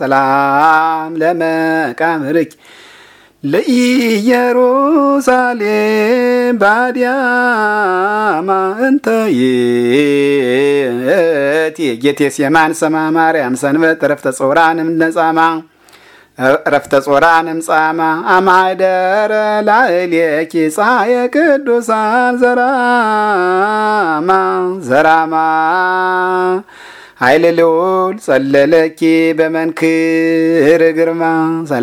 ሰላም ለመቃብርኪ ለኢየሩሳሌም ባዲያማ እንተ ይእቲ ጌቴሴማኒ ሰማ ማርያም ሰንበት ረፍተ ጾራንም ነጻማ ረፍተ ጾራንም ጻማ አማደረ ላዕሌኪ ጻየ ቅዱሳን ዘራማ ዘራማ ኃይለ ልዑል ጸለለኪ በመንክር ግርማ